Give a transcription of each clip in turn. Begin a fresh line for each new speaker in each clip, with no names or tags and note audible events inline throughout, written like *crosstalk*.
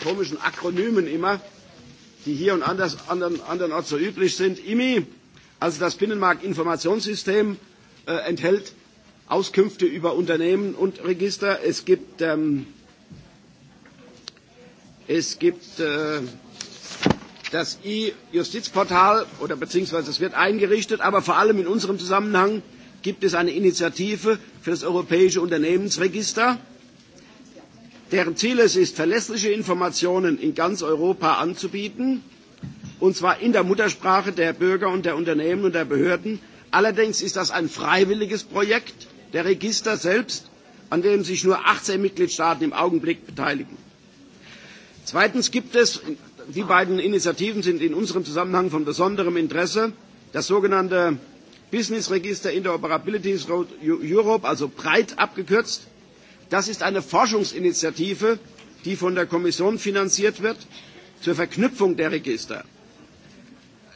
komischen Akronymen immer, die hier und anders, anderen, anderen andernorts so üblich sind. IMI, also das Binnenmarktinformationssystem, äh, enthält Auskünfte über Unternehmen und Register. Es gibt, ähm, es gibt äh, das E-Justizportal oder beziehungsweise es wird eingerichtet, aber vor allem in unserem Zusammenhang gibt es eine Initiative für das Europäische Unternehmensregister deren Ziel es ist, verlässliche Informationen in ganz Europa anzubieten, und zwar in der Muttersprache der Bürger und der Unternehmen und der Behörden. Allerdings ist das ein freiwilliges Projekt der Register selbst, an dem sich nur 18 Mitgliedstaaten im Augenblick beteiligen. Zweitens gibt es, die beiden Initiativen sind in unserem Zusammenhang von besonderem Interesse, das sogenannte Business Register Interoperability Europe, also breit abgekürzt, Das ist eine Forschungsinitiative, die von der Kommission finanziert wird, zur Verknüpfung der Register.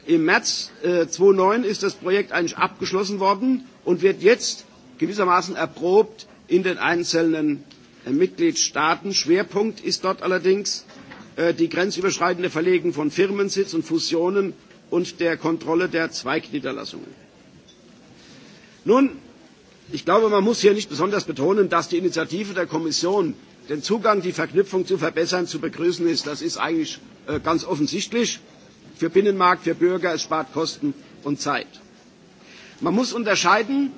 Im März äh, 2009 ist das Projekt eigentlich abgeschlossen worden und wird jetzt gewissermaßen erprobt in den einzelnen äh, Mitgliedstaaten. Schwerpunkt ist dort allerdings äh, die grenzüberschreitende Verlegung von Firmensitz und Fusionen und der Kontrolle der Zweigniederlassungen. Nun Ich glaube, man muss hier nicht besonders betonen, dass die Initiative der Kommission, den Zugang, die Verknüpfung zu verbessern, zu begrüßen ist. Das ist eigentlich äh, ganz offensichtlich für Binnenmarkt, für Bürger. Es spart Kosten und Zeit. Man muss unterscheiden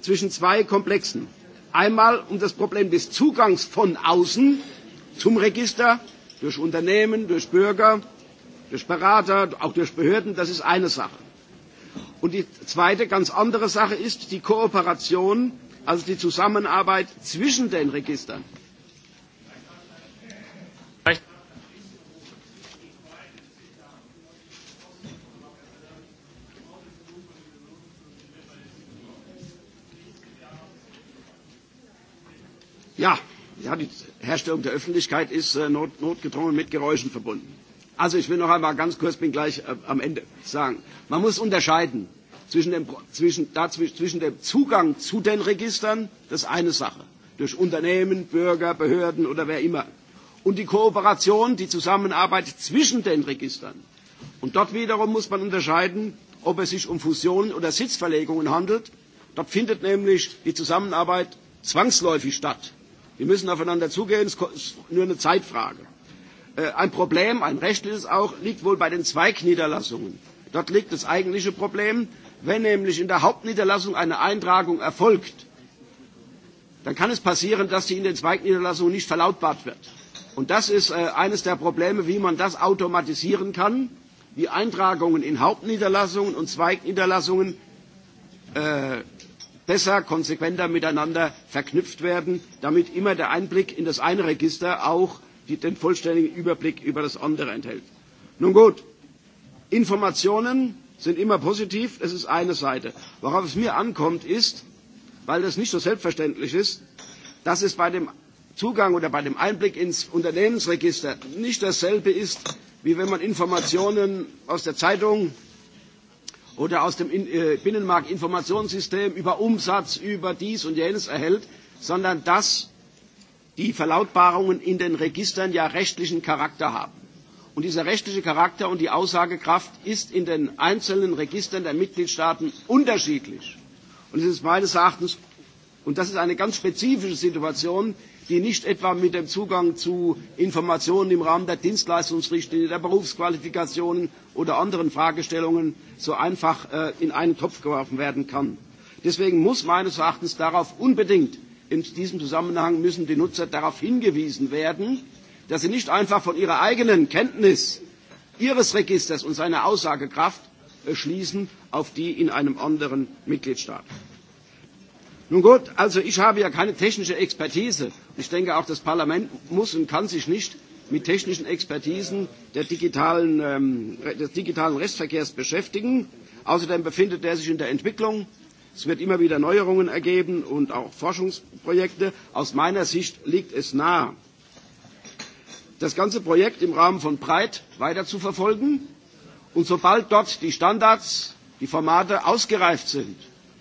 zwischen zwei Komplexen. Einmal um das Problem des Zugangs von außen zum Register durch Unternehmen, durch Bürger, durch Berater, auch durch Behörden. Das ist eine Sache. Und die zweite ganz andere Sache ist die Kooperation, also die Zusammenarbeit zwischen den Registern. Ja, ja, die Herstellung der Öffentlichkeit ist äh, not, notgedrungen mit Geräuschen verbunden. Also ich will noch einmal ganz kurz, bin gleich äh, am Ende sagen, man muss unterscheiden zwischen dem, zwischen, dazwischen, zwischen dem Zugang zu den Registern, das ist eine Sache, durch Unternehmen, Bürger, Behörden oder wer immer, und die Kooperation, die Zusammenarbeit zwischen den Registern. Und dort wiederum muss man unterscheiden, ob es sich um Fusionen oder Sitzverlegungen handelt. Dort findet nämlich die Zusammenarbeit zwangsläufig statt. Wir müssen aufeinander zugehen, es ist nur eine Zeitfrage. Äh, ein Problem, ein rechtliches auch, liegt wohl bei den Zweigniederlassungen. Dort liegt das eigentliche Problem, Wenn nämlich in der Hauptniederlassung eine Eintragung erfolgt, dann kann es passieren, dass sie in den Zweigniederlassungen nicht verlautbart wird. Und das ist äh, eines der Probleme, wie man das automatisieren kann, die Eintragungen in Hauptniederlassungen und Zweigniederlassungen äh, besser, konsequenter miteinander verknüpft werden, damit immer der Einblick in das eine Register auch die, den vollständigen Überblick über das andere enthält. Nun gut, Informationen sind immer positiv, das ist eine Seite. Worauf es mir ankommt, ist, weil das nicht so selbstverständlich ist, dass es bei dem Zugang oder bei dem Einblick ins Unternehmensregister nicht dasselbe ist, wie wenn man Informationen aus der Zeitung oder aus dem äh, Binnenmarktinformationssystem über Umsatz, über dies und jenes erhält, sondern dass die Verlautbarungen in den Registern ja rechtlichen Charakter haben. Und dieser rechtliche Charakter und die Aussagekraft ist in den einzelnen Registern der Mitgliedstaaten unterschiedlich. Und es ist meines Erachtens, und das ist eine ganz spezifische Situation, die nicht etwa mit dem Zugang zu Informationen im Rahmen der Dienstleistungsrichtlinie, der Berufsqualifikationen oder anderen Fragestellungen so einfach äh, in einen Topf geworfen werden kann. Deswegen muss meines Erachtens darauf unbedingt in diesem Zusammenhang müssen die Nutzer darauf hingewiesen werden, dass sie nicht einfach von ihrer eigenen Kenntnis ihres Registers und seiner Aussagekraft schließen auf die in einem anderen Mitgliedstaat. Nun gut, also ich habe ja keine technische Expertise. Ich denke auch, das Parlament muss und kann sich nicht mit technischen Expertisen der digitalen, ähm, des digitalen Rechtsverkehrs beschäftigen. Außerdem befindet er sich in der Entwicklung. Es wird immer wieder Neuerungen ergeben und auch Forschungsprojekte. Aus meiner Sicht liegt es nahe, das ganze Projekt im Rahmen von Breit weiter zu verfolgen. Und sobald dort die Standards, die Formate ausgereift sind,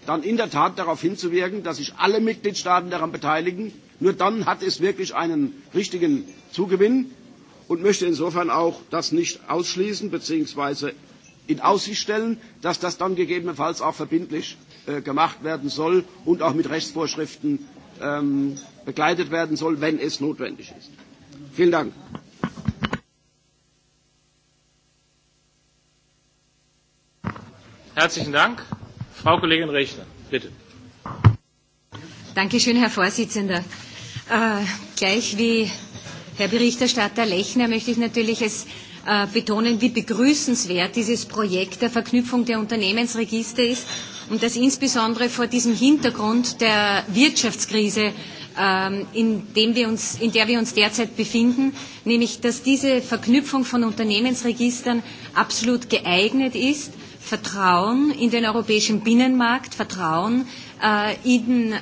dann in der Tat darauf hinzuwirken, dass sich alle Mitgliedstaaten daran beteiligen. Nur dann hat es wirklich einen richtigen Zugewinn und möchte insofern auch das nicht ausschließen bzw. in Aussicht stellen, dass das dann gegebenenfalls auch verbindlich äh, gemacht werden soll und auch mit Rechtsvorschriften ähm, begleitet werden soll, wenn es notwendig ist. Vielen Dank.
Herzlichen Dank. Frau Kollegin Rechner, bitte.
Dankeschön, Herr Vorsitzender. Äh, gleich wie Herr Berichterstatter Lechner möchte ich natürlich es äh, betonen, wie begrüßenswert dieses Projekt der Verknüpfung der Unternehmensregister ist und dass insbesondere vor diesem Hintergrund der Wirtschaftskrise, ähm, in, dem wir uns, in der wir uns derzeit befinden, nämlich dass diese Verknüpfung von Unternehmensregistern absolut geeignet ist, Vertrauen in den europäischen Binnenmarkt, Vertrauen äh, in äh,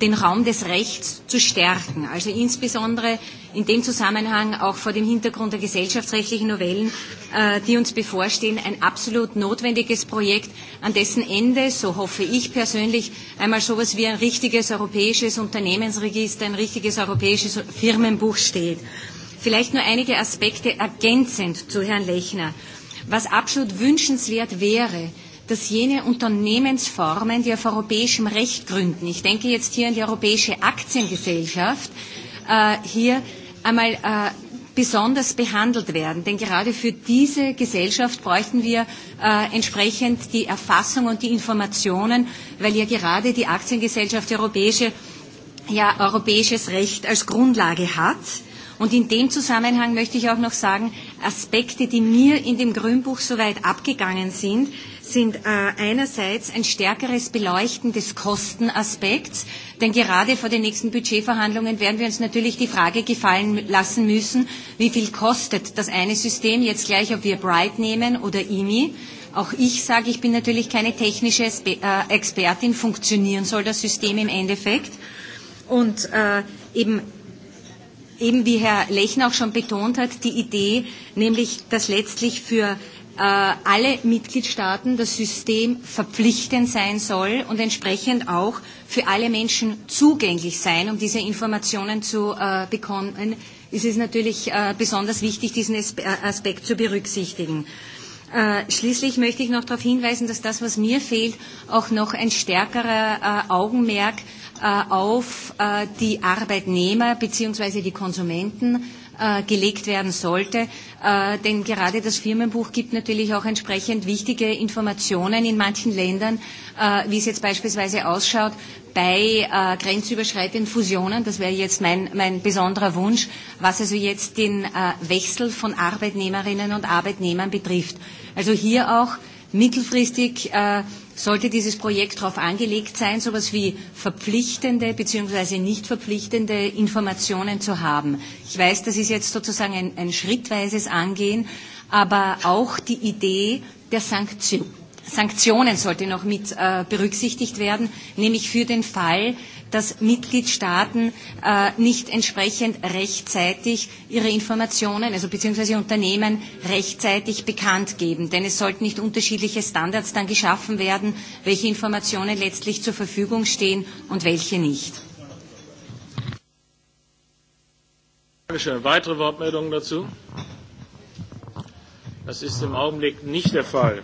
den Raum des Rechts zu stärken. Also insbesondere in dem Zusammenhang auch vor dem Hintergrund der gesellschaftsrechtlichen Novellen, äh, die uns bevorstehen, ein absolut notwendiges Projekt, an dessen Ende, so hoffe ich persönlich, einmal so etwas wie ein richtiges europäisches Unternehmensregister, ein richtiges europäisches Firmenbuch steht. Vielleicht nur einige Aspekte ergänzend zu Herrn Lechner. Was absolut wünschenswert wäre, dass jene Unternehmensformen, die auf europäischem Recht gründen, ich denke jetzt hier an die Europäische Aktiengesellschaft, äh, hier einmal äh, besonders behandelt werden. Denn gerade für diese Gesellschaft bräuchten wir äh, entsprechend die Erfassung und die Informationen, weil ja gerade die Aktiengesellschaft europäische, ja, europäisches Recht als Grundlage hat. Und in dem Zusammenhang möchte ich auch noch sagen, Aspekte, die mir in dem Grünbuch soweit abgegangen sind, sind äh, einerseits ein stärkeres Beleuchten des Kostenaspekts, denn gerade vor den nächsten Budgetverhandlungen werden wir uns natürlich die Frage gefallen lassen müssen, wie viel kostet das eine System jetzt gleich, ob wir Bright nehmen oder IMI. E auch ich sage, ich bin natürlich keine technische äh, Expertin, funktionieren soll das System im Endeffekt. Und äh, eben eben wie Herr Lechner auch schon betont hat, die Idee, nämlich dass letztlich für Äh, alle Mitgliedstaaten das System verpflichtend sein soll und entsprechend auch für alle Menschen zugänglich sein, um diese Informationen zu äh, bekommen, ist es natürlich äh, besonders wichtig, diesen äh, Aspekt zu berücksichtigen. Äh, schließlich möchte ich noch darauf hinweisen, dass das, was mir fehlt, auch noch ein stärkerer äh, Augenmerk äh, auf äh, die Arbeitnehmer bzw. die Konsumenten äh, Äh, gelegt werden sollte. Äh, denn gerade das Firmenbuch gibt natürlich auch entsprechend wichtige Informationen in manchen Ländern, äh, wie es jetzt beispielsweise ausschaut bei äh, grenzüberschreitenden Fusionen, das wäre jetzt mein, mein besonderer Wunsch, was also jetzt den äh, Wechsel von Arbeitnehmerinnen und Arbeitnehmern betrifft. Also hier auch mittelfristig äh, sollte dieses Projekt darauf angelegt sein, so etwas wie verpflichtende bzw. nicht verpflichtende Informationen zu haben. Ich weiß, das ist jetzt sozusagen ein, ein schrittweises Angehen, aber auch die Idee der Sanktion Sanktionen sollte noch mit äh, berücksichtigt werden, nämlich für den Fall, dass Mitgliedstaaten äh, nicht entsprechend rechtzeitig ihre Informationen, also beziehungsweise Unternehmen rechtzeitig bekannt geben. Denn es sollten nicht unterschiedliche Standards dann geschaffen werden, welche Informationen letztlich zur Verfügung stehen und welche nicht.
Dankeschön. Weitere Wortmeldungen dazu? Das ist im Augenblick nicht der Fall.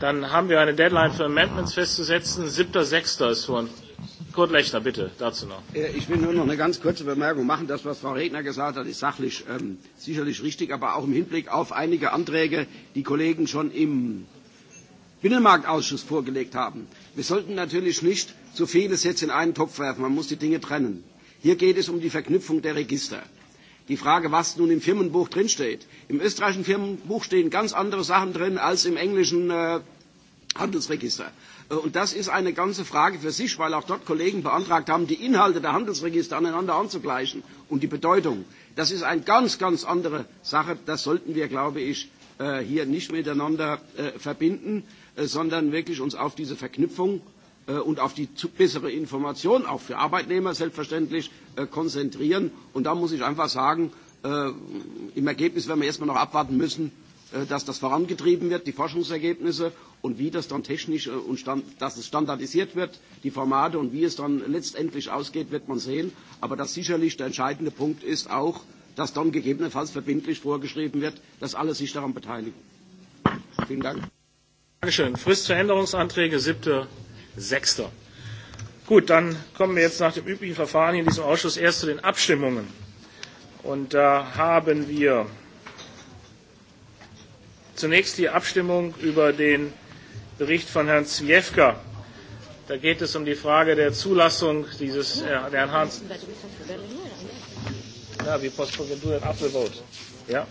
Dann haben wir eine Deadline für Amendments festzusetzen. Siebter, sechster ist vor. Kurt Lechner, bitte, dazu noch.
Äh, ich will nur noch eine ganz kurze Bemerkung machen. Das, was Frau Regner gesagt hat, ist sachlich ähm, sicherlich richtig, aber auch im Hinblick auf einige Anträge, die Kollegen schon im Binnenmarktausschuss vorgelegt haben. Wir sollten natürlich nicht zu so vieles jetzt in einen Topf werfen. Man muss die Dinge trennen. Hier geht es um die Verknüpfung der Register. Die Frage, was nun im Firmenbuch drinsteht. Im österreichischen Firmenbuch stehen ganz andere Sachen drin als im englischen äh, Handelsregister. Äh, und das ist eine ganze Frage für sich, weil auch dort Kollegen beantragt haben, die Inhalte der Handelsregister aneinander anzugleichen und die Bedeutung. Das ist eine ganz, ganz andere Sache. Das sollten wir, glaube ich, äh, hier nicht miteinander äh, verbinden, sondern wirklich uns auf diese Verknüpfung Äh, und auf die bessere Information, auch für Arbeitnehmer selbstverständlich, äh, konzentrieren. Und da muss ich einfach sagen, äh, im Ergebnis werden wir erstmal noch abwarten müssen, dass das vorangetrieben wird, die Forschungsergebnisse und wie das dann technisch und stand, dass es standardisiert wird, die Formate und wie es dann letztendlich ausgeht, wird man sehen. Aber das sicherlich der entscheidende Punkt ist auch, dass dann gegebenenfalls verbindlich vorgeschrieben wird, dass alle sich daran beteiligen. Vielen Dank. Dankeschön. Frist für
Änderungsanträge 7. 6. Gut, dann kommen wir jetzt nach dem üblichen Verfahren hier in diesem Ausschuss erst zu den Abstimmungen. Und da haben wir zunächst die Abstimmung über den Bericht von Herrn Zwiefka. Da geht es um die Frage der Zulassung dieses äh, der Herrn Hans. Ja, we postpone do an after Ja.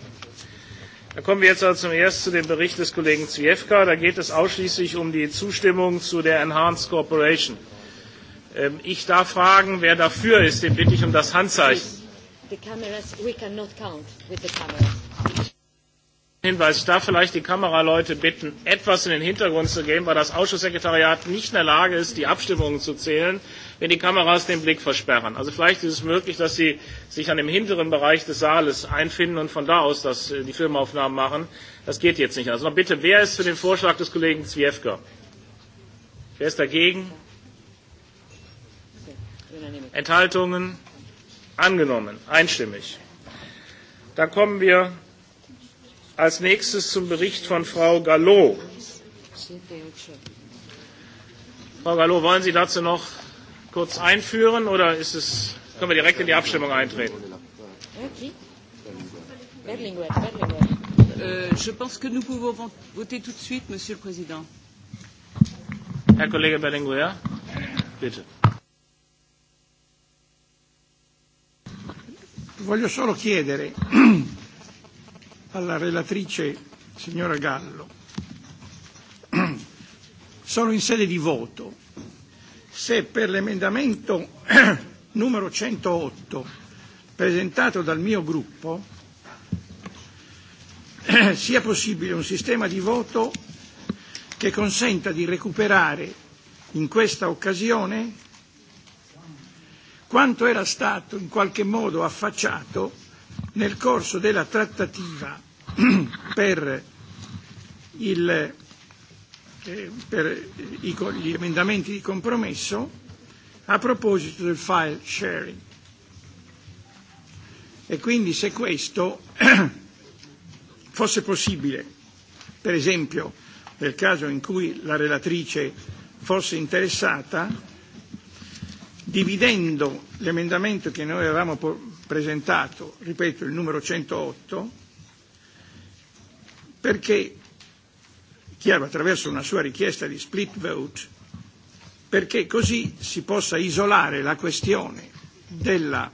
Dann kommen wir jetzt also zuerst zu dem Bericht des Kollegen Zwiefka. Da geht es ausschließlich um die Zustimmung zu der Enhanced Cooperation. Ähm, ich darf fragen, wer dafür ist, den bitte ich um das Handzeichen. Please.
The cameras, we cannot count with the cameras.
Hinweis, ich darf vielleicht die Kameraleute bitten, etwas in den Hintergrund zu gehen, weil das Ausschusssekretariat nicht in der Lage ist, die Abstimmungen zu zählen, wenn die Kameras den Blick versperren. Also vielleicht ist es möglich, dass sie sich an dem hinteren Bereich des Saales einfinden und von da aus das, äh, die Filmaufnahmen machen. Das geht jetzt nicht. Also noch bitte, wer ist für den Vorschlag des Kollegen Zwiefka? Wer ist dagegen? Enthaltungen? Angenommen. Einstimmig. Dann kommen wir Als nächstes zum Bericht von Frau Gallo. Frau Gallo, wollen Sie dazu noch kurz einführen oder ist es, können wir direkt in die Abstimmung eintreten?
Euh,
Herr Kollege Berlinguer, bitte.
Voglio solo chiedere *clears throat* alla relatrice signora Gallo. *clears throat* Sono in sede di voto. Se per l'emendamento *clears throat* numero 108 presentato dal mio gruppo *clears throat* sia possibile un sistema di voto che consenta di recuperare in questa occasione quanto era stato in qualche modo affacciato nel corso della trattativa *clears throat* per, il, eh, per i, gli emendamenti di compromesso a proposito del file sharing. E quindi se questo *clears throat* fosse possibile, per esempio nel caso in cui la relatrice fosse interessata, dividendo l'emendamento che noi avevamo presentato, ripeto, il numero 108, perché, chiaro, attraverso una sua richiesta di split vote, perché così si possa isolare la questione della,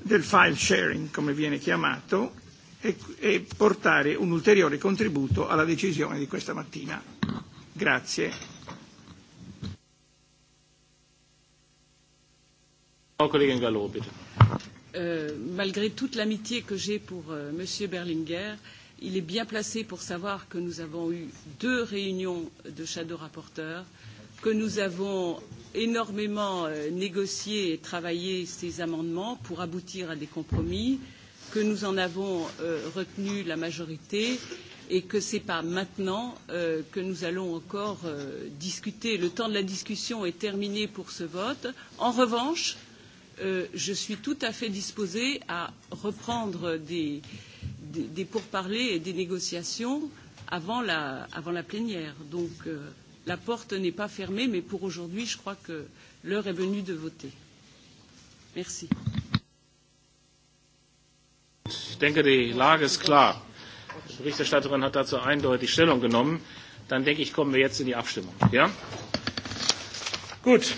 del file sharing, come viene chiamato, e, e portare un ulteriore contributo alla decisione di questa mattina. Grazie.
Euh, malgré toute l'amitié que j'ai pour euh, M. Berlinguer, il est bien placé pour savoir que nous avons eu deux réunions de shadow rapporteurs, que nous avons énormément euh, négocié et travaillé ces amendements pour aboutir à des compromis, que nous en avons euh, retenu la majorité et que ce n'est pas maintenant que nous allons encore discuter. Le temps de la discussion est terminé pour ce vote. En revanche, Euh, je suis tout à fait disposée à reprendre des, des, des pourparlers et des négociations avant la, avant la plénière. Donc euh, la porte n'est pas fermée, mais pour aujourd'hui, je crois que l'heure est venue de voter. Merci.
Ich denke, die Lage ist klar. Die Berichterstatterin hat dazu eindeutig Stellung genommen. Dann denke ich, kommen wir jetzt in die Abstimmung. Ja? Gut,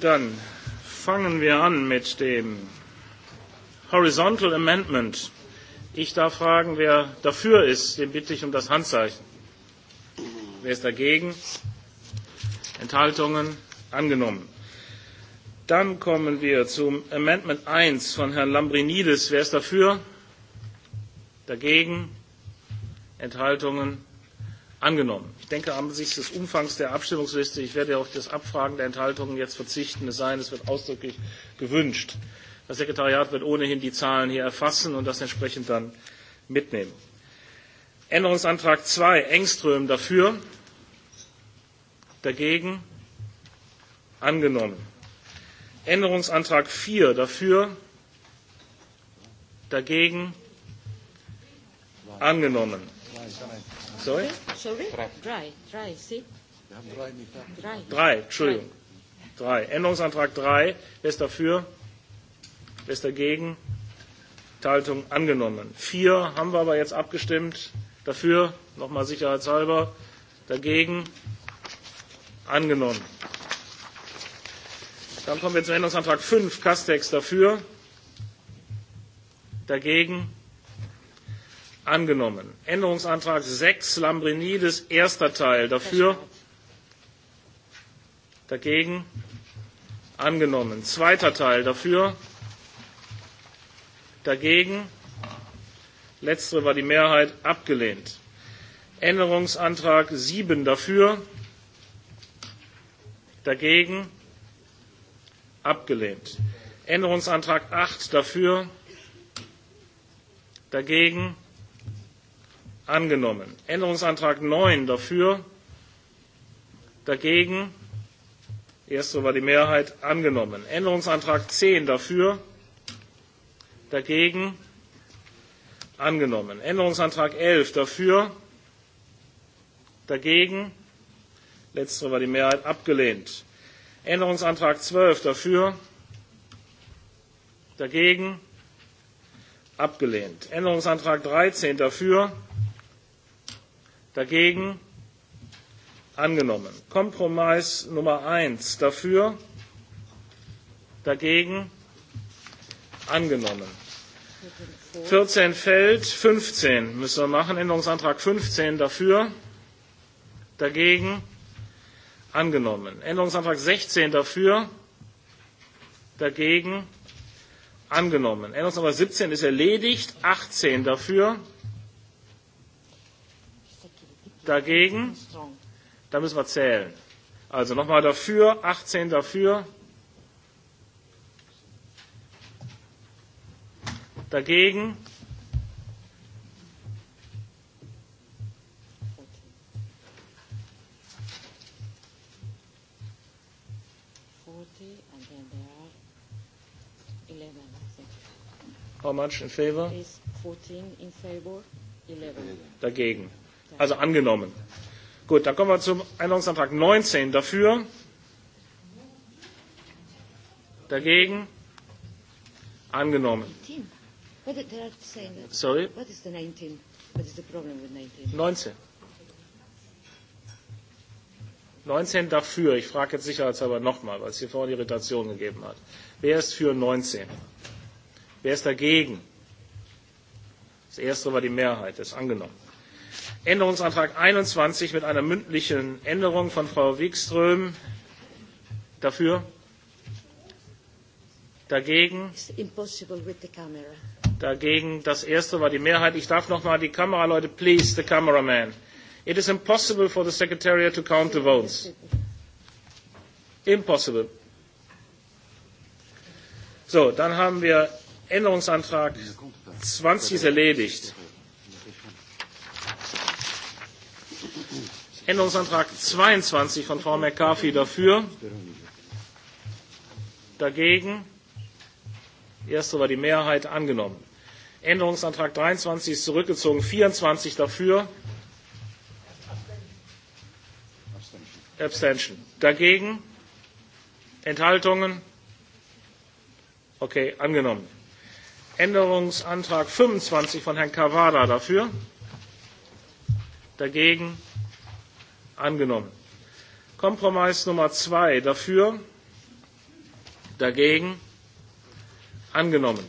dann fangen wir an mit dem Horizontal Amendment. Ich darf fragen, wer dafür ist, den bitte ich um das Handzeichen. Wer ist dagegen? Enthaltungen? Angenommen. Dann kommen wir zum Amendment 1 von Herrn Lambrinidis. Wer ist dafür? Dagegen? Enthaltungen? angenommen. Ich denke, angesichts des Umfangs der Abstimmungsliste, ich werde auf das Abfragen der Enthaltungen jetzt verzichten, es sei denn, es wird ausdrücklich gewünscht. Das Sekretariat wird ohnehin die Zahlen hier erfassen und das entsprechend dann mitnehmen. Änderungsantrag 2, Engström dafür, dagegen, angenommen. Änderungsantrag 4 dafür, dagegen, angenommen. Sorry? Sorry? Drei.
Drei, drei, Sie?
Wir haben drei nicht
Drei. Entschuldigung. Drei. Änderungsantrag 3. Wer ist dafür? Wer ist dagegen? Enthaltung angenommen. Vier haben wir aber jetzt abgestimmt. Dafür, nochmal sicherheitshalber. Dagegen angenommen. Dann kommen wir zum Änderungsantrag 5. Castex dafür. Dagegen angenommen. Änderungsantrag 6, Lambrinidis, erster Teil. Dafür? Dagegen? Angenommen. Zweiter Teil. Dafür? Dagegen? Letztere war die Mehrheit abgelehnt. Änderungsantrag 7 dafür, dagegen abgelehnt. Änderungsantrag 8 dafür, dagegen angenommen. Änderungsantrag 9 dafür, dagegen, erstere war die Mehrheit angenommen. Änderungsantrag 10 dafür, dagegen, angenommen. Änderungsantrag 11 dafür, dagegen, letztere war die Mehrheit abgelehnt. Änderungsantrag 12 dafür, dagegen, abgelehnt. Änderungsantrag 13 dafür, dagegen, Dagegen angenommen. Kompromiss Nummer 1 dafür, dagegen angenommen. 14 fällt, 15 müssen wir machen. Änderungsantrag 15 dafür, dagegen angenommen. Änderungsantrag 16 dafür, dagegen angenommen. Änderungsantrag 17 ist erledigt, 18 dafür, dagegen. Da müssen wir zählen. Also nochmal dafür, 18 dafür, dagegen. How much in favor? Is
14 in favor, 11.
Dagegen. Also angenommen. Gut, dann kommen wir zum Änderungsantrag 19. Dafür? Dagegen? Angenommen.
Sorry? 19? 19?
19. 19 dafür. Ich frage jetzt sicherheitshalber nochmal, weil es hier vorhin Irritation gegeben hat. Wer ist für 19? Wer ist dagegen? Das erste war die Mehrheit. Das ist angenommen. Änderungsantrag 21 mit einer mündlichen Änderung von Frau Wikström. Dafür? Dagegen? Dagegen. Das erste war die Mehrheit. Ich darf noch mal die Kameraleute, please, the cameraman. It is impossible for the secretariat to count the votes. Impossible. So, dann haben wir Änderungsantrag 20 ist erledigt. Änderungsantrag 22 von Frau McCarthy dafür. Dagegen. Erste war die Mehrheit angenommen. Änderungsantrag 23 ist zurückgezogen. 24 dafür. Abstention. Dagegen? Enthaltungen? Okay, angenommen. Änderungsantrag 25 von Herrn Cavada dafür. Dagegen? angenommen. Kompromiss Nummer 2 dafür, dagegen angenommen.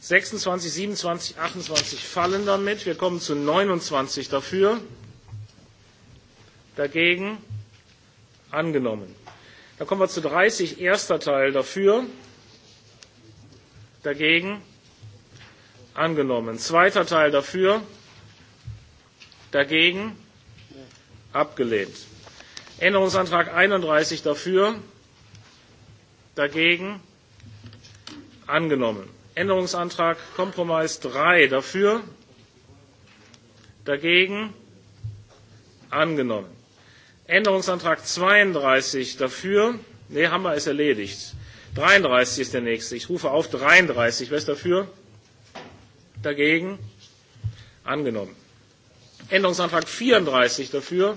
26, 27, 28 fallen damit. Wir kommen zu 29 dafür, dagegen angenommen. Dann kommen wir zu 30, erster Teil dafür, dagegen angenommen. Zweiter Teil dafür, dagegen angenommen abgelehnt. Änderungsantrag 31 dafür, dagegen angenommen. Änderungsantrag Kompromiss 3 dafür, dagegen angenommen. Änderungsantrag 32 dafür, nee, haben wir, ist erledigt. 33 ist der nächste. Ich rufe auf 33. Wer ist dafür? Dagegen? Angenommen. Änderungsantrag 34 dafür,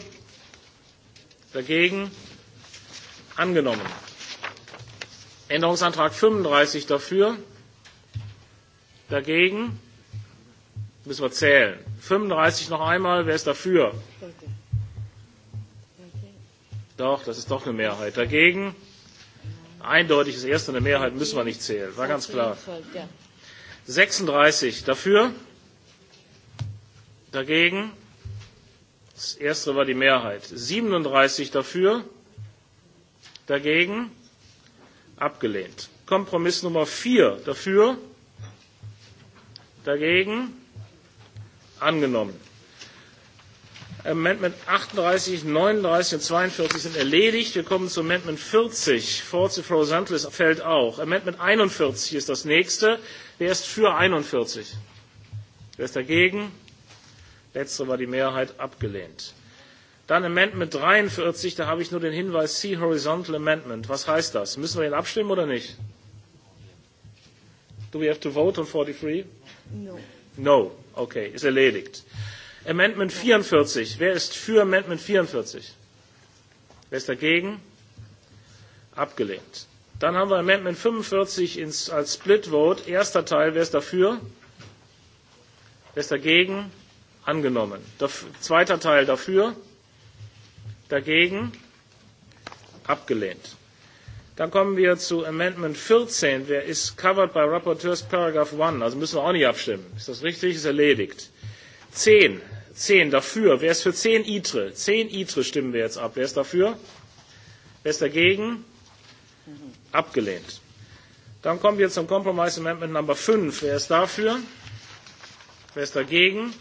dagegen angenommen. Änderungsantrag 35 dafür, dagegen müssen wir zählen. 35 noch einmal, wer ist dafür? Doch, das ist doch eine Mehrheit. Dagegen eindeutig ist erst eine Mehrheit, müssen wir nicht zählen. War ganz klar. 36 dafür, dagegen Das erste war die Mehrheit. 37 dafür, dagegen, abgelehnt. Kompromiss Nummer 4 dafür, dagegen, angenommen. Amendment 38, 39 und 42 sind erledigt. Wir kommen zu Amendment 40. Forza Frosantis fällt auch. Amendment 41 ist das nächste. Wer ist für 41? Wer ist dagegen? Letztere war die Mehrheit abgelehnt. Dann Amendment 43, da habe ich nur den Hinweis See Horizontal Amendment. Was heißt das? Müssen wir ihn abstimmen oder nicht? Do we have to vote on 43? No. No. Okay, ist erledigt. Amendment 44. Wer ist für Amendment 44? Wer ist dagegen? Abgelehnt. Dann haben wir Amendment 45 ins, als Split Vote. Erster Teil. Wer ist dafür? Wer ist dagegen? angenommen. Daf zweiter Teil dafür, dagegen abgelehnt. Dann kommen wir zu Amendment 14. Wer ist covered by Rapporteurs Paragraph 1? Also müssen wir auch nicht abstimmen. Ist das richtig? Ist erledigt. 10. 10 dafür. Wer ist für 10 ITRE? 10 ITRE stimmen wir jetzt ab. Wer ist dafür? Wer ist dagegen? Abgelehnt. Dann kommen wir zum Compromise Amendment Number 5. Wer ist dafür? Wer ist dagegen?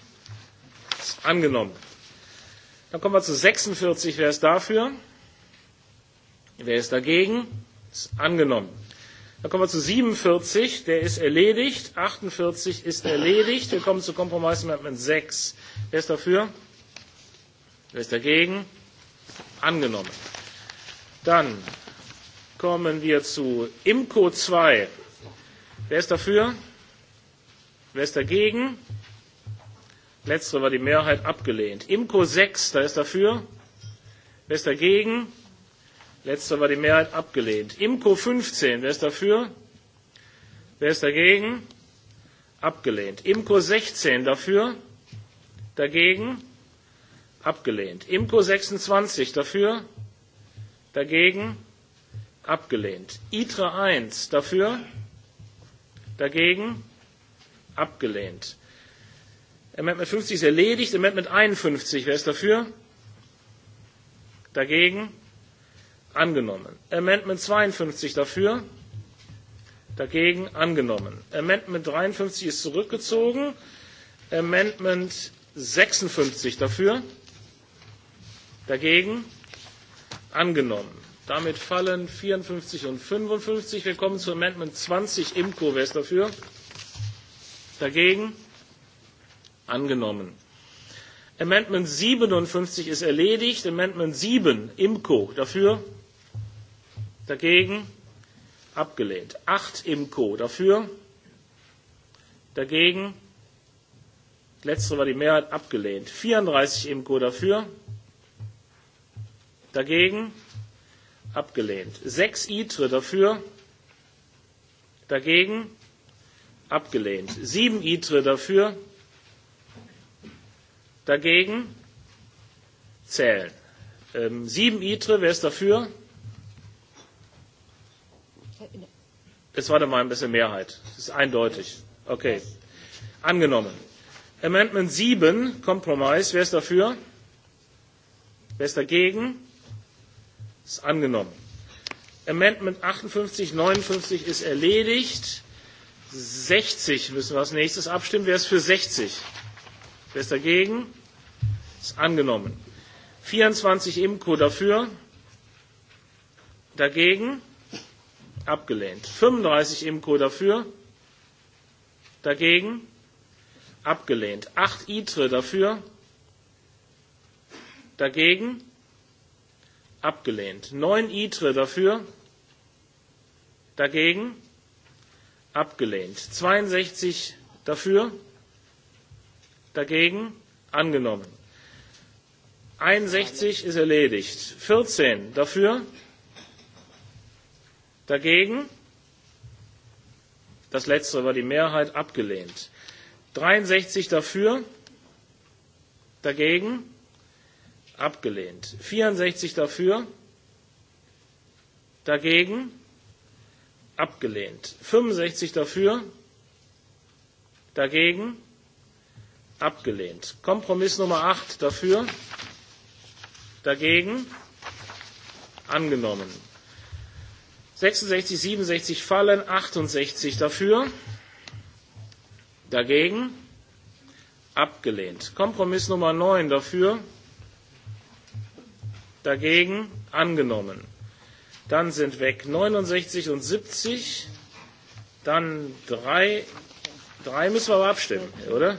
Ist angenommen. Dann kommen wir zu 46. Wer ist dafür? Wer ist dagegen? Ist angenommen. Dann kommen wir zu 47. Der ist erledigt. 48 ist erledigt. Wir kommen zu Kompromiss Amendment 6. Wer ist dafür? Wer ist dagegen? Angenommen. Dann kommen wir zu IMCO 2. Wer ist dafür? Wer ist dagegen? Letztere war die Mehrheit abgelehnt. Imco 6, da ist dafür. Er wer ist dagegen? Letztere war die Mehrheit abgelehnt. Imco 15, wer ist dafür? Wer ist dagegen? Abgelehnt. Imco 16, dafür? Dagegen? Abgelehnt. Imco 26, dafür? Dagegen? Abgelehnt. ITRE 1, dafür? Dagegen? Abgelehnt. Amendment 50 ist erledigt. Amendment 51, wer ist dafür? Dagegen? Angenommen. Amendment 52 dafür? Dagegen? Angenommen. Amendment 53 ist zurückgezogen. Amendment 56 dafür? Dagegen? Angenommen. Damit fallen 54 und 55. Wir kommen zu Amendment 20. Imco, wer ist dafür? Dagegen? Angenommen angenommen. Amendment 57 ist erledigt. Amendment 7, Imco, dafür, dagegen, abgelehnt. 8 Imco, dafür, dagegen, letztere war die Mehrheit abgelehnt. 34 Imco dafür, dagegen, abgelehnt. 6 ITRE dafür, dagegen, abgelehnt. 7 ITRE dafür, dagegen, Dagegen? Zählen. Ähm, 7 ITRE, wer ist dafür? Es war da mal ein bisschen Mehrheit. Das ist eindeutig. Okay. Angenommen. Amendment 7, Kompromiss, wer ist dafür? Wer ist dagegen? Ist angenommen. Amendment 58, 59 ist erledigt. 60 müssen wir als nächstes abstimmen. Wer ist für 60? Wer ist dagegen? Ist angenommen. 24 Imco dafür. Dagegen? Abgelehnt. 35 Imco dafür. Dagegen? Abgelehnt. 8 Itre dafür. Dagegen? Abgelehnt. 9 Itre dafür. Dagegen? Abgelehnt. 62 dafür. Dagegen? Angenommen. 61 ist erledigt. 14 dafür? Dagegen? Das letztere war die Mehrheit abgelehnt. 63 dafür? Dagegen? Abgelehnt. 64 dafür? Dagegen? Abgelehnt. 65 dafür? Dagegen? abgelehnt. Kompromiss Nummer 8 dafür, dagegen angenommen. 66, 67 fallen, 68 dafür, dagegen abgelehnt. Kompromiss Nummer 9 dafür, dagegen angenommen. Dann sind weg 69 und 70, dann 3, 3 müssen wir aber abstimmen, oder?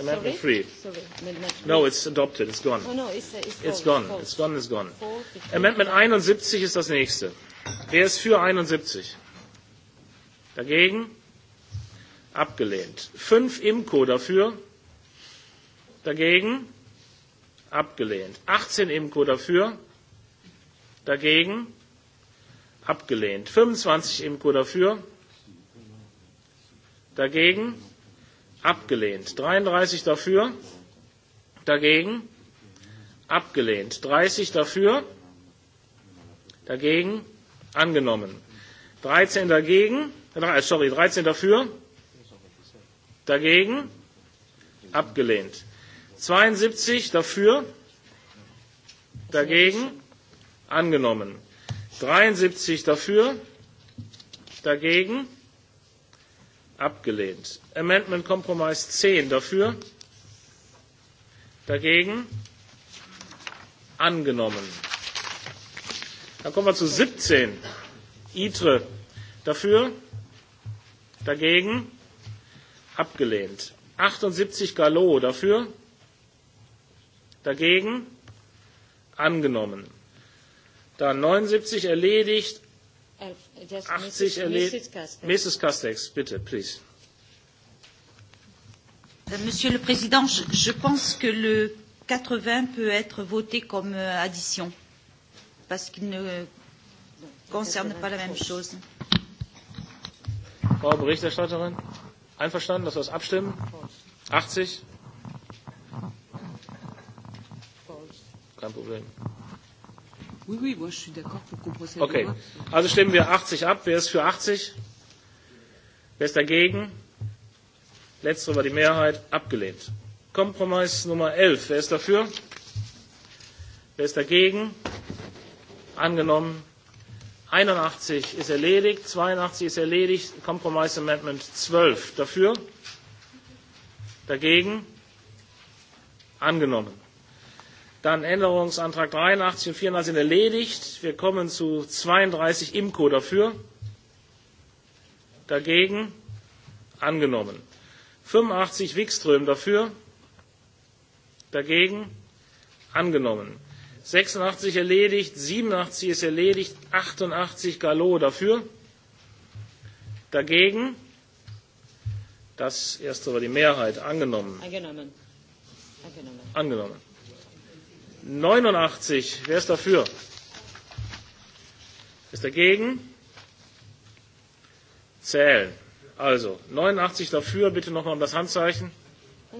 Amendment Sorry? three.
Sorry. No,
it's adopted. It's gone. Oh,
no, it's, it's, it's gone. gone, It's gone. It's gone. Amendment
71 ist das nächste. Wer ist für 71? Dagegen? Abgelehnt. 5 Imco dafür. Dagegen? Abgelehnt. 18 Imco dafür. Dagegen? Abgelehnt. 25 Imco dafür. Dagegen? abgelehnt. 33 dafür, dagegen, abgelehnt. 30 dafür, dagegen, angenommen. 13 dagegen, äh, sorry, 13 dafür, dagegen, abgelehnt. 72 dafür, dagegen, angenommen. 73 dafür, dagegen, Abgelehnt. Amendment Compromise 10 dafür. Dagegen. Angenommen. Dann kommen wir zu 17. ITRE dafür. Dagegen. Abgelehnt. 78 Gallo dafür. Dagegen. Angenommen. Dann 79 erledigt.
80
uh, erledigt.
Mrs. Castex, bitte, please.
Euh, Monsieur le Président, je, je pense que le 80 peut être voté comme euh, addition parce qu'il ne concerne pas la même chose.
Frau Berichterstatterin, einverstanden, dass wir das abstimmen? 80? Kein Problem. Okay, also stimmen wir 80 ab. Wer ist für 80? Wer ist dagegen? Letztere war die Mehrheit abgelehnt. Kompromiss Nummer 11. Wer ist dafür? Wer ist dagegen? Angenommen. 81 ist erledigt, 82 ist erledigt, Kompromiss Amendment 12 dafür, dagegen angenommen. Dann Änderungsantrag 83 und 84 sind erledigt. Wir kommen zu 32 Imco dafür. Dagegen angenommen. 85 Wikström dafür. Dagegen angenommen. 86 erledigt, 87 ist erledigt, 88 Gallo dafür. Dagegen. Das erste war die Mehrheit. Angenommen.
Angenommen. Angenommen.
angenommen. 89. Wer ist dafür? Ist dagegen? Er Zählen. Also, neunundachtzig dafür, bitte nochmal um das Handzeichen. Oh,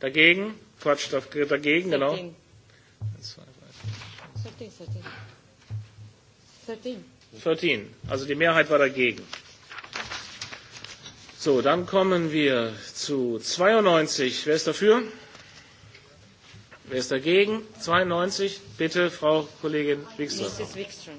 Dagegen? Quatsch, dagegen, 13. genau. 13, 13. Also die Mehrheit war dagegen. So, dann kommen wir zu 92. Wer ist dafür? Wer ist dagegen? 92. Bitte, Frau Kollegin Wikström. Mrs.
Wikström.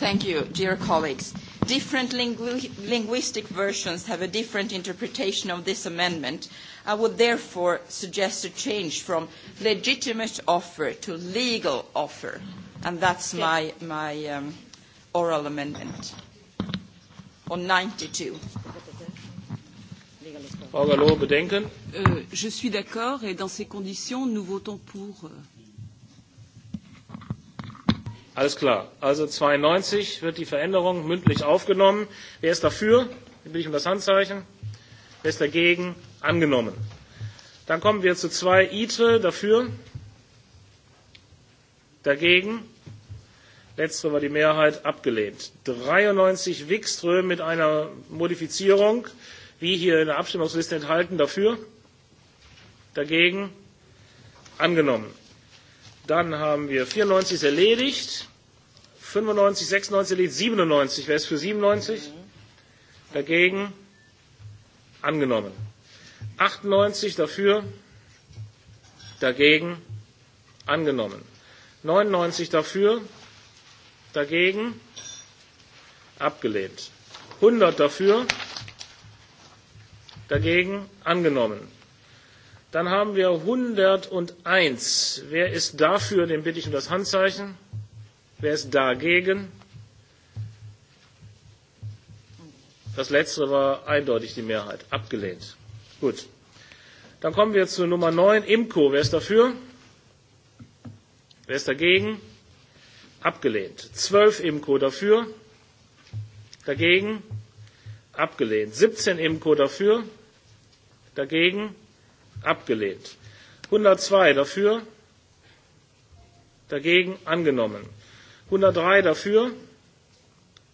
Thank you, dear colleagues. Different lingu linguistic versions have a different interpretation of this amendment. I would therefore suggest a change from legitimate offer to legal offer. And that's my, my um, oral amendment on 92. Frau Gallo,
Bedenken?
Euh, je suis d'accord et dans ces conditions, nous votons pour. Euh.
Alles klar. Also 92 wird die Veränderung mündlich aufgenommen. Wer ist dafür? Dann bitte ich um das Handzeichen. Wer ist dagegen? Angenommen. Dann kommen wir zu 2 ITRE. Dafür? Dagegen? Letztere war die Mehrheit abgelehnt. 93 Wikström mit einer Modifizierung wie hier in der Abstimmungsliste enthalten. Dafür? Dagegen? Angenommen. Dann haben wir 94 ist erledigt. 95, 96 erledigt. 97. Wer ist für 97? Dagegen? Angenommen. 98 dafür? Dagegen? Angenommen. 99 dafür? Dagegen? Abgelehnt. 100 dafür? Dagegen angenommen. Dann haben wir 101. Wer ist dafür? Den bitte ich um das Handzeichen. Wer ist dagegen? Das letztere war eindeutig die Mehrheit. Abgelehnt. Gut. Dann kommen wir zu Nummer 9. Imco. Wer ist dafür? Wer ist dagegen? Abgelehnt. 12 Imco dafür. Dagegen? abgelehnt. 17 Imco dafür, dagegen, abgelehnt. 102 dafür, dagegen, angenommen. 103 dafür,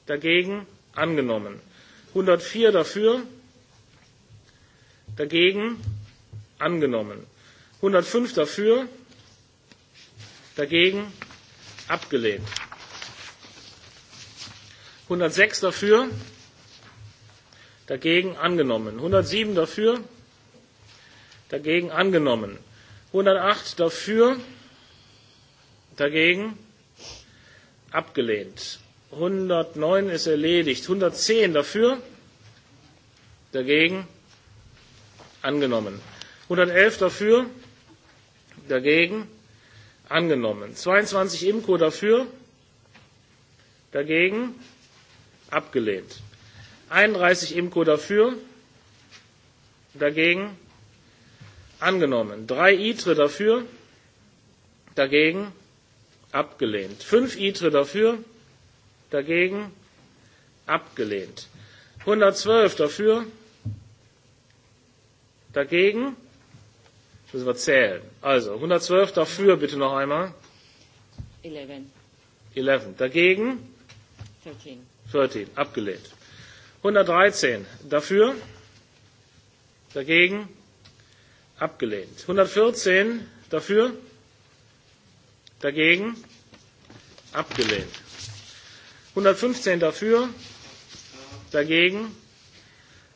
dagegen, angenommen. 104 dafür, dagegen, angenommen. 105 dafür, dagegen, abgelehnt. 106 dafür, dagegen angenommen. 107 dafür, dagegen angenommen. 108 dafür, dagegen abgelehnt. 109 ist erledigt. 110 dafür, dagegen angenommen. 111 dafür, dagegen angenommen. 22 Imko dafür, dagegen abgelehnt. 31 Imko dafür, dagegen angenommen. Drei Itre dafür, dagegen abgelehnt. Fünf Itre dafür, dagegen abgelehnt. 112 dafür, dagegen müssen wir zählen. Also 112 dafür bitte noch einmal. 11. 11 dagegen 13. 13 abgelehnt. 113 dafür, dagegen abgelehnt. 114 dafür, dagegen abgelehnt. 115 dafür, dagegen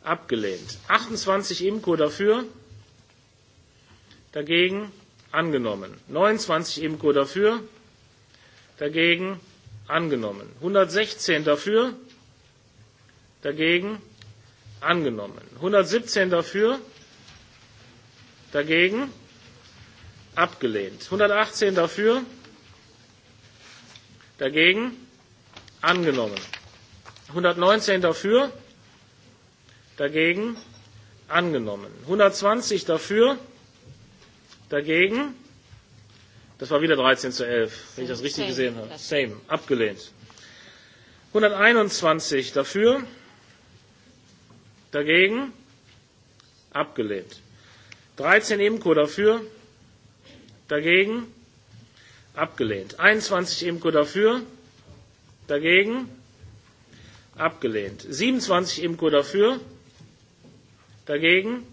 abgelehnt. 28 Imko dafür, dagegen angenommen. 29 Imko dafür, dagegen angenommen. 116 dafür, dagegen angenommen. 117 dafür, dagegen abgelehnt. 118 dafür, dagegen angenommen. 119 dafür, dagegen angenommen. 120 dafür, dagegen. Das war wieder 13 zu 11, wenn ich das richtig gesehen habe. Same, abgelehnt. 121 dafür, Dagegen? Abgelehnt. 13 Imko dafür. Dagegen? Abgelehnt. 21 Imko dafür. Dagegen? Abgelehnt. 27 Imko dafür. Dagegen?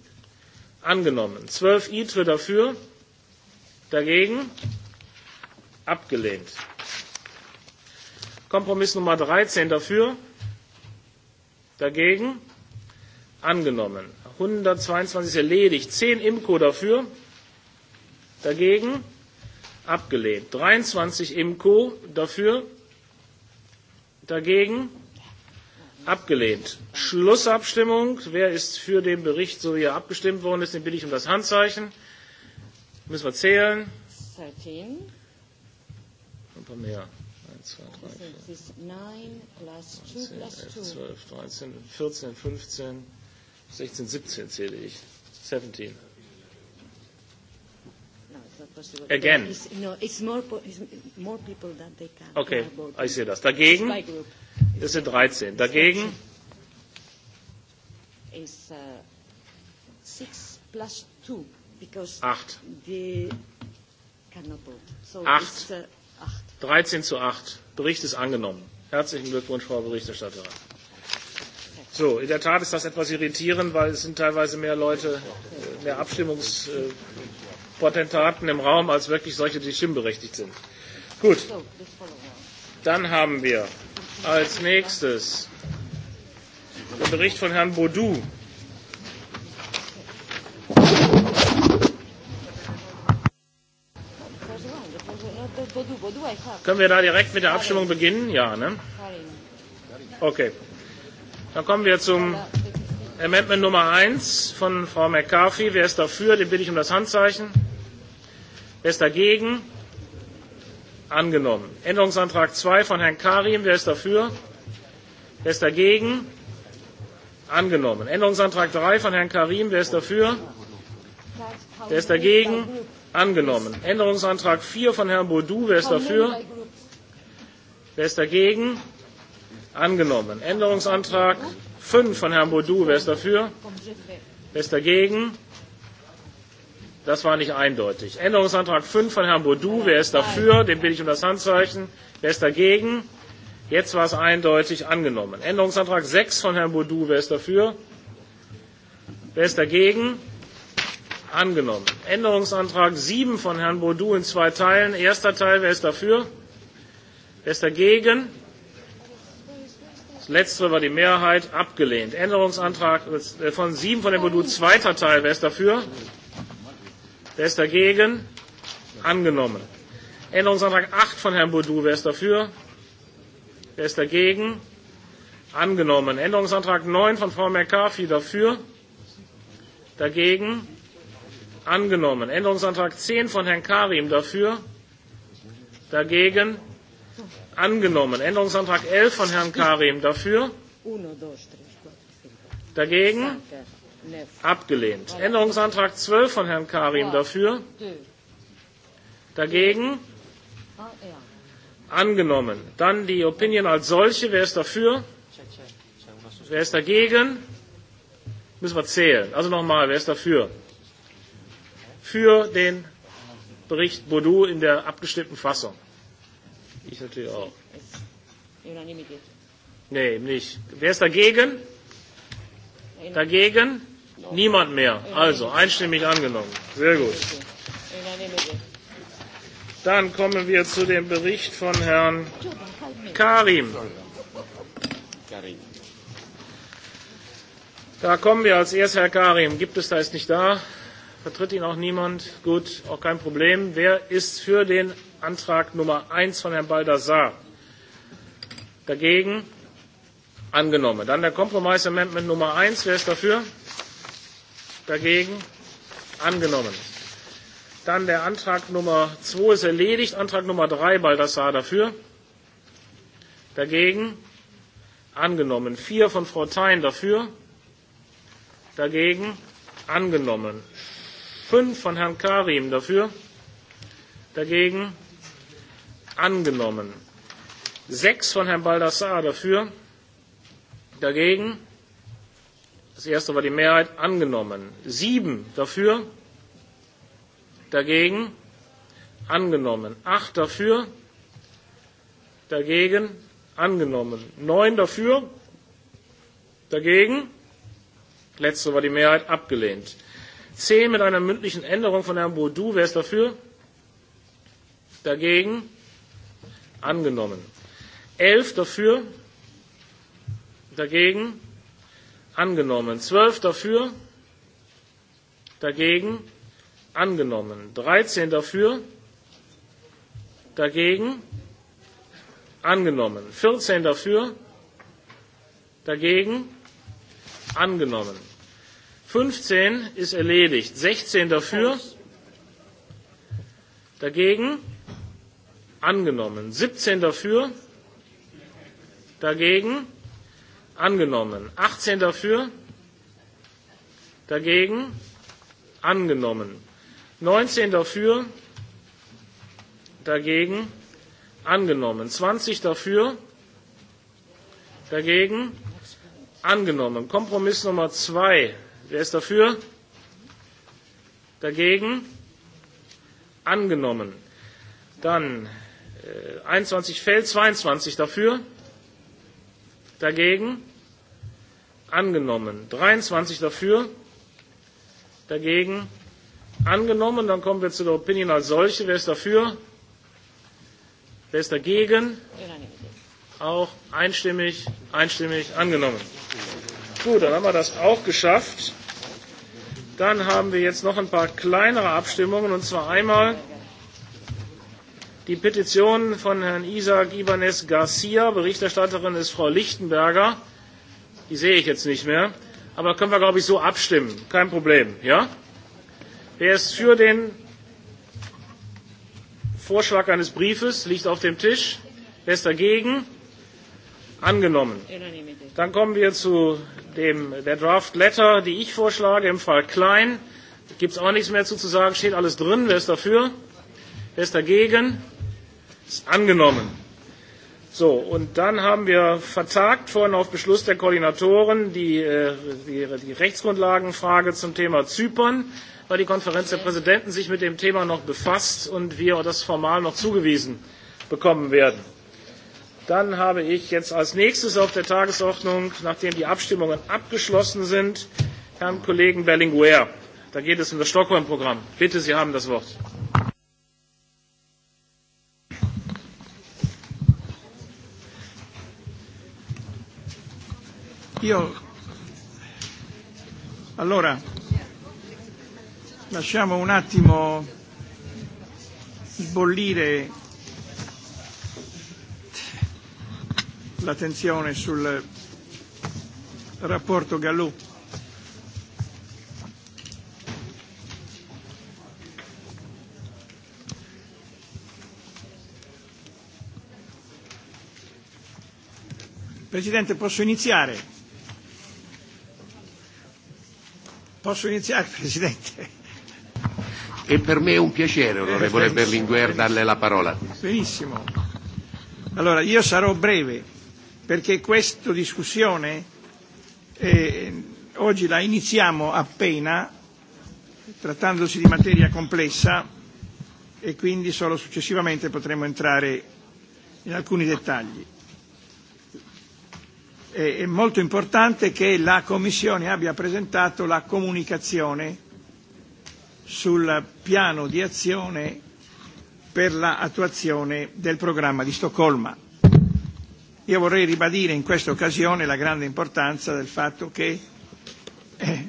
Angenommen. 12 ITRE dafür. Dagegen? Abgelehnt. Kompromiss Nummer 13 dafür. Dagegen? angenommen. 122 erledigt. 10 Imko dafür, dagegen, abgelehnt. 23 Imko dafür, dagegen, abgelehnt. Schlussabstimmung. Wer ist für den Bericht, so wie er abgestimmt worden ist, den bitte ich um das Handzeichen. Müssen wir zählen.
13. Ein paar mehr. 1, 2, 3, 4, 12,
13, 14, 15. 16, 17 zähle ich. 17.
Again. no, it's more, more people they can. Okay, ich sehe das. Dagegen,
das sind 13. Dagegen
is uh, plus two, because acht. cannot vote. So acht. It's, uh,
acht. 13 zu 8. Bericht ist angenommen. Herzlichen Glückwunsch, Frau Berichterstatterin. So, in der Tat ist das etwas irritierend, weil es sind teilweise mehr Leute, äh, mehr Abstimmungspotentaten im Raum als wirklich solche, die stimmberechtigt sind. Gut. Dann haben wir als nächstes den Bericht von Herrn Baudou. Können wir da direkt mit der Abstimmung beginnen? Ja, ne? Okay. Dann kommen wir zum Amendment Nummer 1 von Frau McCarthy. Wer ist dafür? Den bitte ich um das Handzeichen. Wer ist dagegen? Angenommen. Änderungsantrag 2 von Herrn Karim. Wer ist dafür? Wer ist dagegen? Angenommen. Änderungsantrag 3 von Herrn Karim. Wer ist dafür? Wer ist dagegen? Angenommen. Änderungsantrag 4 von Herrn Baudou. Wer ist dafür? Wer ist dagegen? Angenommen. Änderungsantrag 5 von Herrn Baudou. Wer ist dafür? Wer ist dagegen? Das war nicht eindeutig. Änderungsantrag 5 von Herrn Baudou. Wer ist dafür? Den bitte ich um das Handzeichen. Wer ist dagegen? Jetzt war es eindeutig angenommen. Änderungsantrag 6 von Herrn Baudou. Wer ist dafür? Wer ist dagegen? Angenommen. Änderungsantrag 7 von Herrn Baudou in zwei Teilen. Erster Teil. Wer ist dafür? Wer ist dagegen? letztere war die Mehrheit abgelehnt. Änderungsantrag äh, von 7 von der Modul zweiter Teil. Wer ist dafür? Wer ist dagegen? Angenommen. Änderungsantrag 8 von Herrn Boudou. Wer ist dafür? Wer ist dagegen? Angenommen. Änderungsantrag 9 von Frau McCarthy. Dafür? Dagegen? Angenommen. Änderungsantrag 10 von Herrn Karim. Dafür? Dagegen? angenommen. Änderungsantrag 11 von Herrn Karim dafür. Dagegen? Abgelehnt. Änderungsantrag 12 von Herrn Karim dafür. Dagegen? Ah, angenommen. Dann die Opinion als solche. Wer ist dafür? Wer ist dagegen? Müssen wir zählen. Also nochmal, wer ist dafür? Für den Bericht Bodu in der abgestimmten Fassung. Ich natürlich auch. Nee, nicht. Wer ist dagegen? Dagegen? Niemand mehr. Also, einstimmig angenommen. Sehr gut. Dann kommen wir zu dem Bericht von Herrn Karim. Da kommen wir als erstes, Herr Karim. Gibt es da ist nicht da? Vertritt ihn auch niemand? Gut, auch kein Problem. Wer ist für den Antrag Nummer 1 von Herrn Baldassar. Dagegen angenommen. Dann der Kompromiss Amendment Nummer 1. Wer ist dafür? Dagegen angenommen. Dann der Antrag Nummer 2 ist erledigt. Antrag Nummer 3 Baldassar dafür. Dagegen angenommen. 4 von Frau Thein dafür. Dagegen angenommen. 5 von Herrn Karim dafür. Dagegen angenommen. Sechs von Herrn Baldassar dafür, dagegen, das erste war die Mehrheit, angenommen. Sieben dafür, dagegen, angenommen. Acht dafür, dagegen, angenommen. Neun dafür, dagegen, letzte war die Mehrheit, abgelehnt. Zehn mit einer mündlichen Änderung von Herrn Baudou, wer ist dafür? Dagegen, angenommen. 11 dafür, dagegen, angenommen. 12 dafür, dagegen, angenommen. 13 dafür, dagegen, angenommen. 14 dafür, dagegen, angenommen. 15 ist erledigt. 16 dafür, dagegen, angenommen. 17 dafür, dagegen, angenommen. 18 dafür, dagegen, angenommen. 19 dafür, dagegen, angenommen. 20 dafür, dagegen, angenommen. Kompromiss Nummer 2. Wer ist dafür? Dagegen? Angenommen. Dann 21 äh, fällt, 22 dafür, dagegen, angenommen. 23 dafür, dagegen, angenommen. Dann kommen wir zu der Opinion als solche. Wer ist dafür? Wer ist dagegen? Auch einstimmig, einstimmig angenommen. Gut, dann haben wir das auch geschafft. Dann haben wir jetzt noch ein paar kleinere Abstimmungen, und zwar einmal Die Petition von Herrn Isaac Ibanez Garcia, Berichterstatterin ist Frau Lichtenberger. Die sehe ich jetzt nicht mehr. Aber können wir, glaube ich, so abstimmen. Kein Problem. Ja? Wer ist für den Vorschlag eines Briefes? Liegt auf dem Tisch. Wer ist dagegen? Angenommen. Dann kommen wir zu dem, der Draft Letter, die ich vorschlage, im Fall Klein. Gibt es auch nichts mehr zu, zu sagen. Steht alles drin. Wer ist dafür? Wer ist dagegen? Ist angenommen. So, und dann haben wir vertagt vorhin auf Beschluss der Koordinatoren die, äh, die, die Rechtsgrundlagenfrage zum Thema Zypern, weil die Konferenz der Präsidenten sich mit dem Thema noch befasst und wir das formal noch zugewiesen bekommen werden. Dann habe ich jetzt als nächstes auf der Tagesordnung, nachdem die Abstimmungen abgeschlossen sind, Herrn Kollegen Berlinguer. Da geht es um das Stockholm-Programm. Bitte, Sie haben das Wort.
Io allora lasciamo un attimo bollire l'attenzione sul rapporto Gallup. Presidente, posso iniziare? Posso iniziare, *laughs* Presidente?
E per me è un piacere, onorevole eh, benissimo, Berlinguer, darle la parola.
Benissimo. Allora, io sarò breve, perché questa discussione eh, oggi la iniziamo appena, trattandosi di materia complessa, e quindi solo successivamente potremo entrare in alcuni dettagli è molto importante che la Commissione abbia presentato la comunicazione sul piano di azione per l'attuazione del programma di Stoccolma. Io vorrei ribadire in questa occasione la grande importanza del fatto che eh,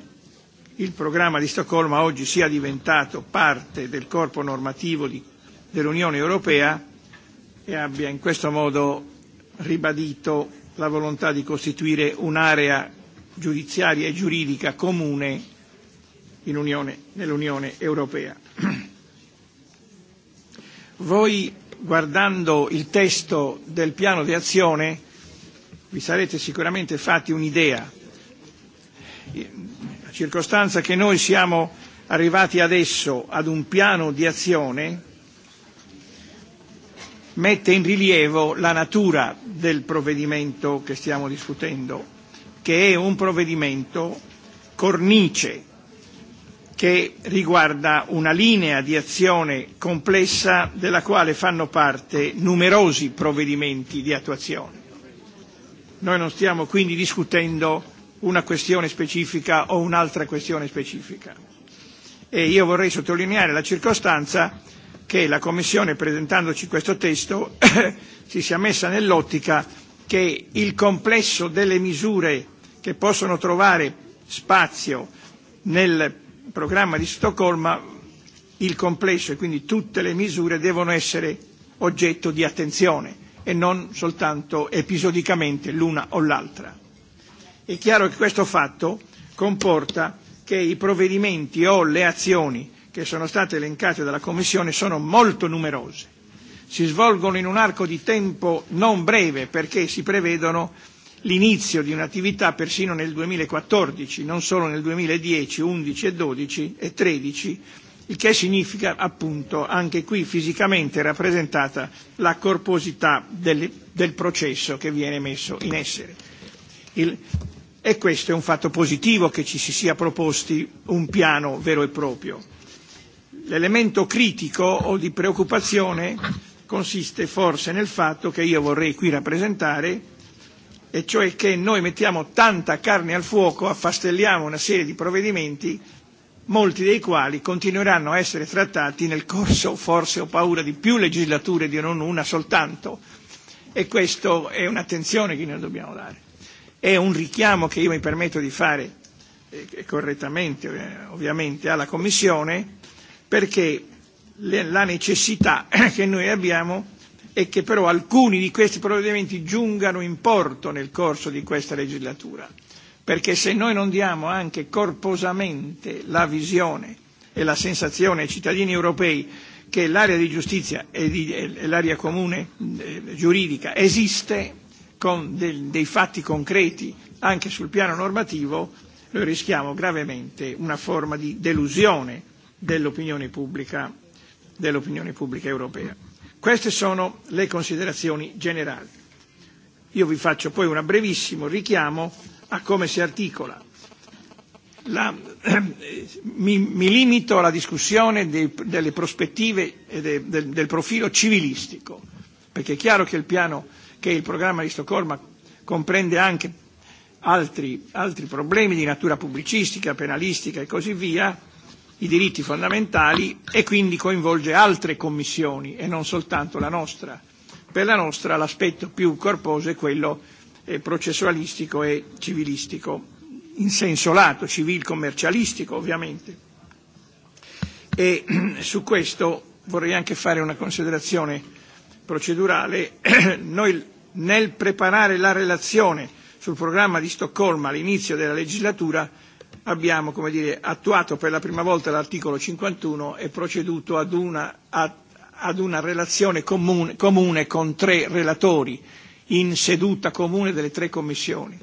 il programma di Stoccolma oggi sia diventato parte del corpo normativo di, dell'Unione Europea e abbia in questo modo ribadito la volontà di costituire un'area giudiziaria e giuridica comune in Unione, nell'Unione Europea. *clears throat* Voi, guardando il testo del piano di azione, vi sarete sicuramente fatti un'idea. La circostanza che noi siamo arrivati adesso ad un piano di azione mette in rilievo la natura del provvedimento che stiamo discutendo, che è un provvedimento cornice che riguarda una linea di azione complessa della quale fanno parte numerosi provvedimenti di attuazione. Noi non stiamo quindi discutendo una questione specifica o un'altra questione specifica. E io vorrei sottolineare la circostanza che la Commissione, presentandoci questo testo, *coughs* si sia messa nell'ottica che il complesso delle misure che possono trovare spazio nel programma di Stoccolma, il complesso e quindi tutte le misure devono essere oggetto di attenzione e non soltanto episodicamente l'una o l'altra. È chiaro che questo fatto comporta che i provvedimenti o le azioni che sono state elencate dalla Commissione sono molto numerose. Si svolgono in un arco di tempo non breve perché si prevedono l'inizio di un'attività persino nel 2014, non solo nel 2010, 11 e 12 e 13, il che significa appunto anche qui fisicamente rappresentata la corposità del, del processo che viene messo in essere. Il, e questo è un fatto positivo che ci si sia proposti un piano vero e proprio L'elemento critico o di preoccupazione consiste forse nel fatto che io vorrei qui rappresentare, e cioè che noi mettiamo tanta carne al fuoco, affastelliamo una serie di provvedimenti, molti dei quali continueranno a essere trattati nel corso, forse ho paura, di più legislature di non una soltanto, e questa è un'attenzione che noi dobbiamo dare. È un richiamo che io mi permetto di fare eh, correttamente, eh, ovviamente, alla Commissione perché la necessità *coughs* che noi abbiamo è che però alcuni di questi provvedimenti giungano in porto nel corso di questa legislatura, perché se noi non diamo anche corposamente la visione e la sensazione ai cittadini europei che l'area di giustizia e, di, e, e l'area comune eh, giuridica esiste con del, dei fatti concreti anche sul piano normativo, noi rischiamo gravemente una forma di delusione dell'opinione pubblica, dell'opinione pubblica europea. Queste sono le considerazioni generali. Io vi faccio poi un brevissimo richiamo a come si articola. La, *clears throat* mi, mi limito alla discussione dei, delle prospettive e de, del, del profilo civilistico, perché è chiaro che il, piano, che il programma di Stoccolma comprende anche altri, altri problemi di natura pubblicistica, penalistica e così via, i diritti fondamentali e quindi coinvolge altre commissioni e non soltanto la nostra. Per la nostra l'aspetto più corposo è quello eh, processualistico e civilistico, in senso lato, civil-commercialistico ovviamente. E *clears throat* su questo vorrei anche fare una considerazione procedurale. *clears throat* Noi nel preparare la relazione sul programma di Stoccolma all'inizio della legislatura abbiamo come dire, attuato per la prima volta l'articolo 51 e proceduto ad una, a, ad una relazione comune, comune con tre relatori in seduta comune delle tre commissioni.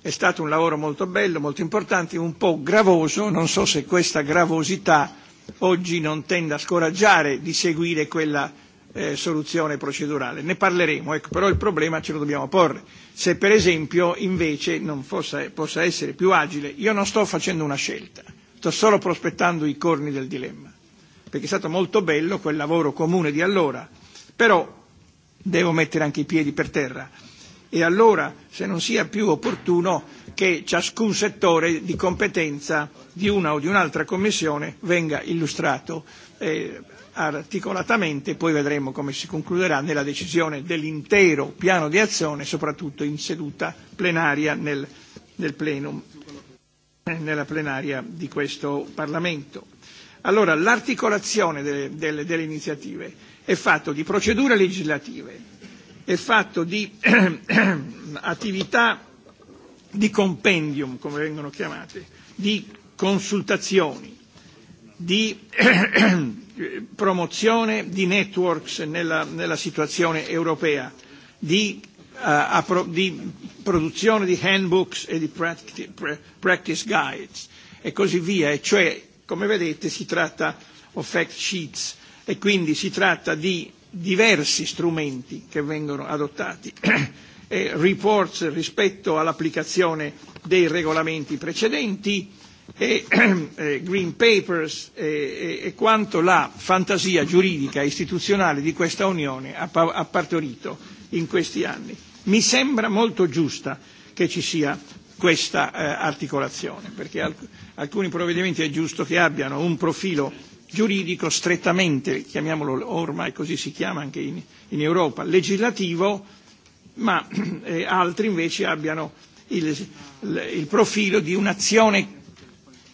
È stato un lavoro molto bello, molto importante, un po' gravoso, non so se questa gravosità oggi non tenda a scoraggiare di seguire quella eh, soluzione procedurale. Ne parleremo, ecco, però il problema ce lo dobbiamo porre. Se per esempio invece non fosse, possa essere più agile, io non sto facendo una scelta, sto solo prospettando i corni del dilemma, perché è stato molto bello quel lavoro comune di allora, però devo mettere anche i piedi per terra e allora se non sia più opportuno che ciascun settore di competenza di una o di un'altra commissione venga illustrato. Eh, articolatamente, poi vedremo come si concluderà nella decisione dell'intero piano di azione, soprattutto in seduta plenaria nel, nel plenum, eh, nella plenaria di questo Parlamento. Allora, l'articolazione delle, delle, delle iniziative è fatto di procedure legislative, è fatto di *coughs* attività di compendium, come vengono chiamate, di consultazioni, di *clears throat* promozione di networks nella, nella situazione europea, di, uh, di produzione di handbooks e di practice guides e così via, e cioè, come vedete, si tratta di fact sheets e quindi si tratta di diversi strumenti che vengono adottati *clears throat* e reports rispetto all'applicazione dei regolamenti precedenti E, e, e, green papers e, e, e quanto la fantasia giuridica e istituzionale di questa Unione ha, ha partorito in questi anni. Mi sembra molto giusta che ci sia questa eh, articolazione, perché alc- alcuni provvedimenti è giusto che abbiano un profilo giuridico strettamente, chiamiamolo ormai così si chiama anche in, in Europa, legislativo, ma eh, altri invece abbiano il, il profilo di un'azione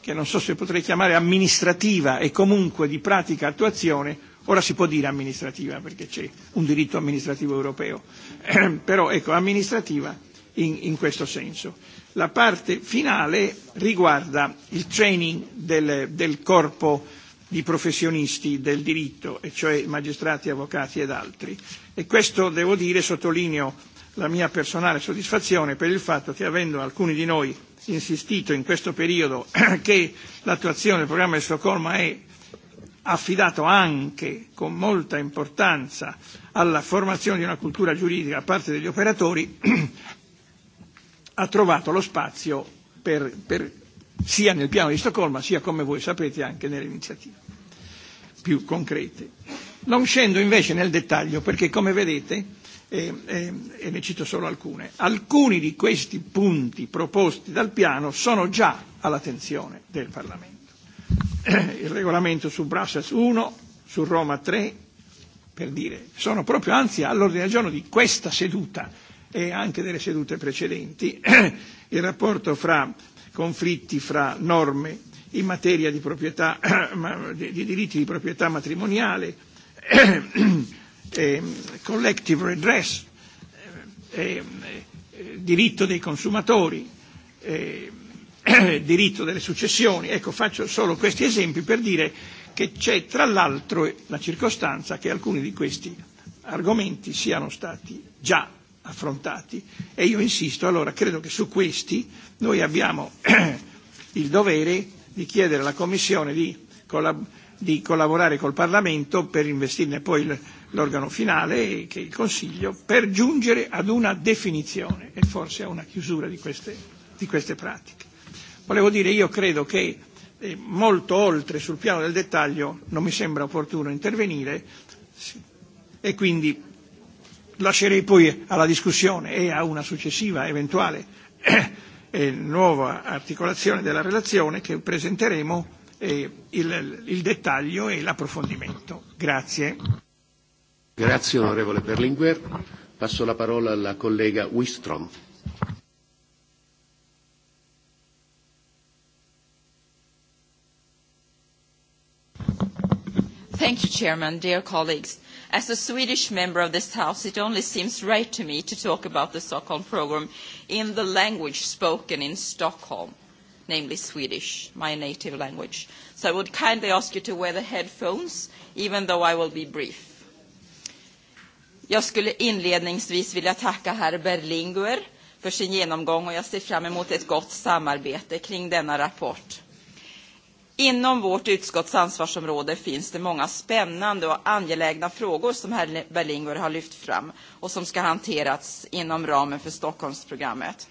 che non so se potrei chiamare amministrativa e comunque di pratica attuazione, ora si può dire amministrativa perché c'è un diritto amministrativo europeo, *clears throat* però ecco amministrativa in, in questo senso. La parte finale riguarda il training del, del corpo di professionisti del diritto, e cioè magistrati, avvocati ed altri. E questo, devo dire, sottolineo la mia personale soddisfazione per il fatto che avendo alcuni di noi insistito in questo periodo *clears throat* che l'attuazione del programma di Stoccolma è affidato anche con molta importanza alla formazione di una cultura giuridica da parte degli operatori, *clears throat* ha trovato lo spazio per, per, sia nel piano di Stoccolma sia, come voi sapete, anche nelle iniziative più concrete. Non scendo invece nel dettaglio perché, come vedete, e, e, e ne cito solo alcune. Alcuni di questi punti proposti dal piano sono già all'attenzione del Parlamento. Eh, il regolamento su Brussels 1, su Roma 3, per dire, sono proprio anzi all'ordine del giorno di questa seduta e anche delle sedute precedenti, eh, il rapporto fra conflitti fra norme in materia di proprietà, eh, di, di diritti di proprietà matrimoniale, Eh, collective redress, eh, eh, diritto dei consumatori, eh, *clears throat* diritto delle successioni. Ecco, faccio solo questi esempi per dire che c'è tra l'altro la circostanza che alcuni di questi argomenti siano stati già affrontati e io insisto, allora credo che su questi noi abbiamo *clears throat* il dovere di chiedere alla Commissione di, collab- di collaborare col Parlamento per investirne poi il l'organo finale e che il Consiglio per giungere ad una definizione e forse a una chiusura di queste, di queste pratiche. Volevo dire, io credo che eh, molto oltre sul piano del dettaglio non mi sembra opportuno intervenire e quindi lascerei poi alla discussione e a una successiva eventuale eh, nuova articolazione della relazione che presenteremo eh, il, il dettaglio e l'approfondimento. Grazie.
Grazie onorevole Berlinguer. Passo la parola alla collega Wistrom.
Thank you, Chairman. Dear colleagues, as a Swedish member of this House, it only seems right to me to talk about the Stockholm programme in the language spoken in Stockholm, namely Swedish, my native language. So I would kindly ask you to wear the headphones, even though I will be brief. Jag skulle inledningsvis vilja tacka herr Berlinguer för sin genomgång och jag ser fram emot ett gott samarbete kring denna rapport. Inom vårt utskotts ansvarsområde finns det många spännande och angelägna frågor som herr Berlinguer har lyft fram och som ska hanteras inom ramen för Stockholmsprogrammet.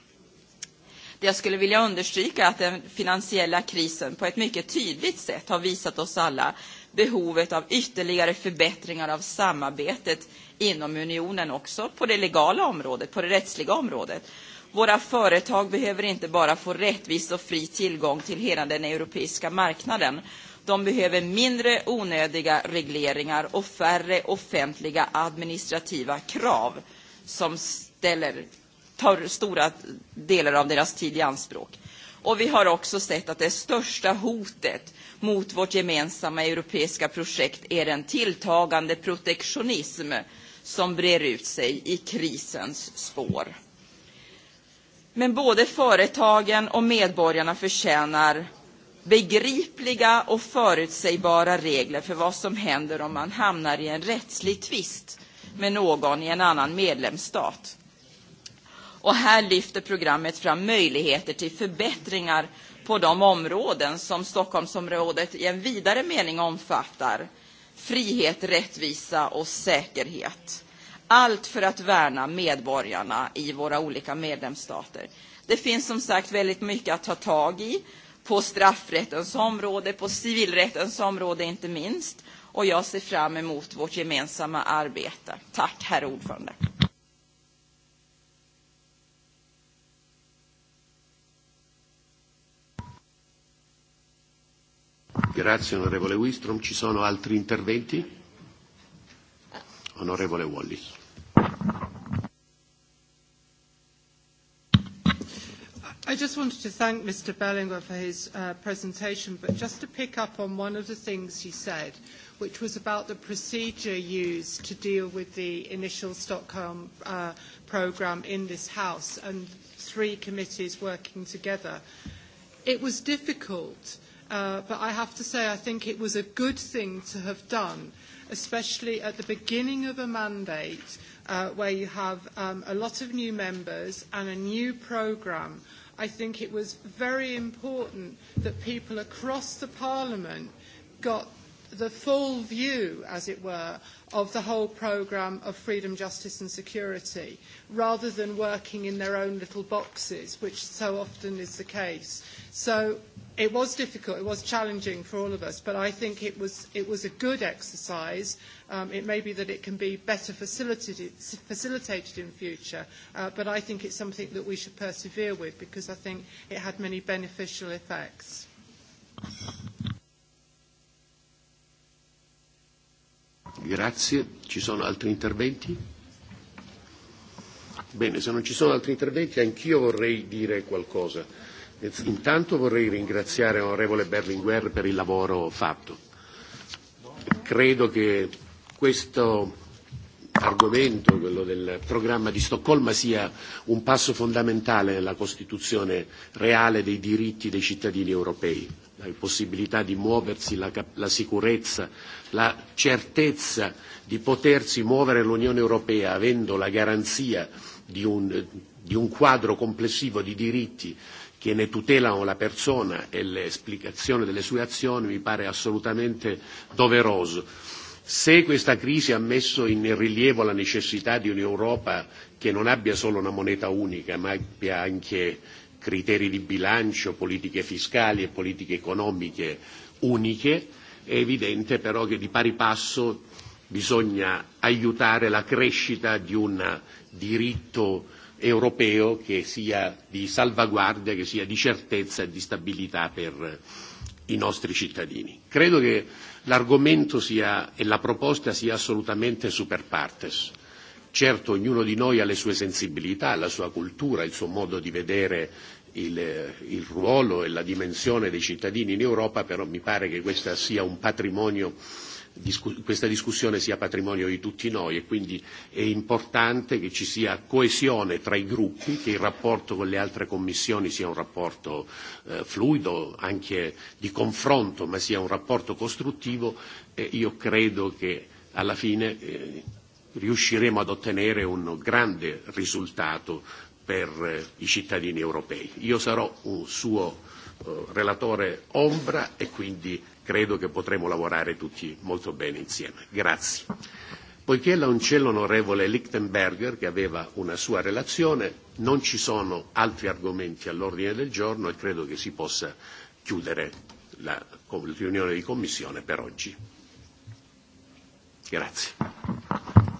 Det jag skulle vilja understryka är att den finansiella krisen på ett mycket tydligt sätt har visat oss alla behovet av ytterligare förbättringar av samarbetet inom unionen också på det legala området, på det rättsliga området. Våra företag behöver inte bara få rättvis och fri tillgång till hela den europeiska marknaden. De behöver mindre onödiga regleringar och färre offentliga administrativa krav som ställer, tar stora delar av deras tid i anspråk. Och vi har också sett att det största hotet mot vårt gemensamma europeiska projekt är den tilltagande protektionism som brer ut sig i krisens spår. Men både företagen och medborgarna förtjänar begripliga och förutsägbara regler för vad som händer om man hamnar i en rättslig tvist med någon i en annan medlemsstat. Och här lyfter programmet fram möjligheter till förbättringar på de områden som Stockholmsområdet i en vidare mening omfattar. Frihet, rättvisa och säkerhet. Allt för att värna medborgarna i våra olika medlemsstater. Det finns som sagt väldigt mycket att ta tag i på straffrättens område, på civilrättens område inte minst. Och jag ser fram emot vårt gemensamma arbete. Tack, herr ordförande.
Grazie onorevole Wistrom. Ci sono altri interventi? Onorevole Wallis.
I just wanted to thank Mr. Bellinger for his uh, presentation, but just to pick up on one of the things he said, which was about the procedure used to deal with the initial Stockholm uh, program in this House and three committees working together. It was difficult Uh, but I have to say, I think it was a good thing to have done, especially at the beginning of a mandate uh, where you have um, a lot of new members and a new programme. I think it was very important that people across the Parliament got the full view, as it were, of the whole programme of freedom, justice and security, rather than working in their own little boxes, which so often is the case. So it was difficult, it was challenging for all of us, but I think it was, it was a good exercise. Um, it may be that it can be better facilitated, facilitated in future, uh, but I think it's something that we should persevere with because I think it had many beneficial effects.
Grazie. Ci sono altri interventi? Bene, se non ci sono altri interventi anch'io vorrei dire qualcosa. Intanto vorrei ringraziare l'onorevole Berlinguer per il lavoro fatto. Credo che questo argomento, quello del programma di Stoccolma, sia un passo fondamentale nella costituzione reale dei diritti dei cittadini europei la possibilità di muoversi, la, la sicurezza, la certezza di potersi muovere l'Unione Europea avendo la garanzia di un, di un quadro complessivo di diritti che ne tutelano la persona e l'esplicazione delle sue azioni mi pare assolutamente doveroso. Se questa crisi ha messo in rilievo la necessità di un'Europa che non abbia solo una moneta unica, ma abbia anche criteri di bilancio, politiche fiscali e politiche economiche uniche, è evidente però che di pari passo bisogna aiutare la crescita di un diritto europeo che sia di salvaguardia, che sia di certezza e di stabilità per i nostri cittadini. Credo che l'argomento sia, e la proposta sia assolutamente super partes Certo ognuno di noi ha le sue sensibilità, la sua cultura, il suo modo di vedere il, il ruolo e la dimensione dei cittadini in Europa, però mi pare che questa sia un patrimonio questa discussione sia patrimonio di tutti noi e quindi è importante che ci sia coesione tra i gruppi, che il rapporto con le altre commissioni sia un rapporto eh, fluido, anche di confronto, ma sia un rapporto costruttivo e io credo che alla fine eh, riusciremo ad ottenere un grande risultato per eh, i cittadini europei. Io sarò un suo eh, relatore ombra e quindi credo che potremo lavorare tutti molto bene insieme. Grazie. Poiché la uncella onorevole Lichtenberger, che aveva una sua relazione, non ci sono altri argomenti all'ordine del giorno e credo che si possa chiudere la riunione di commissione per oggi.
Grazie.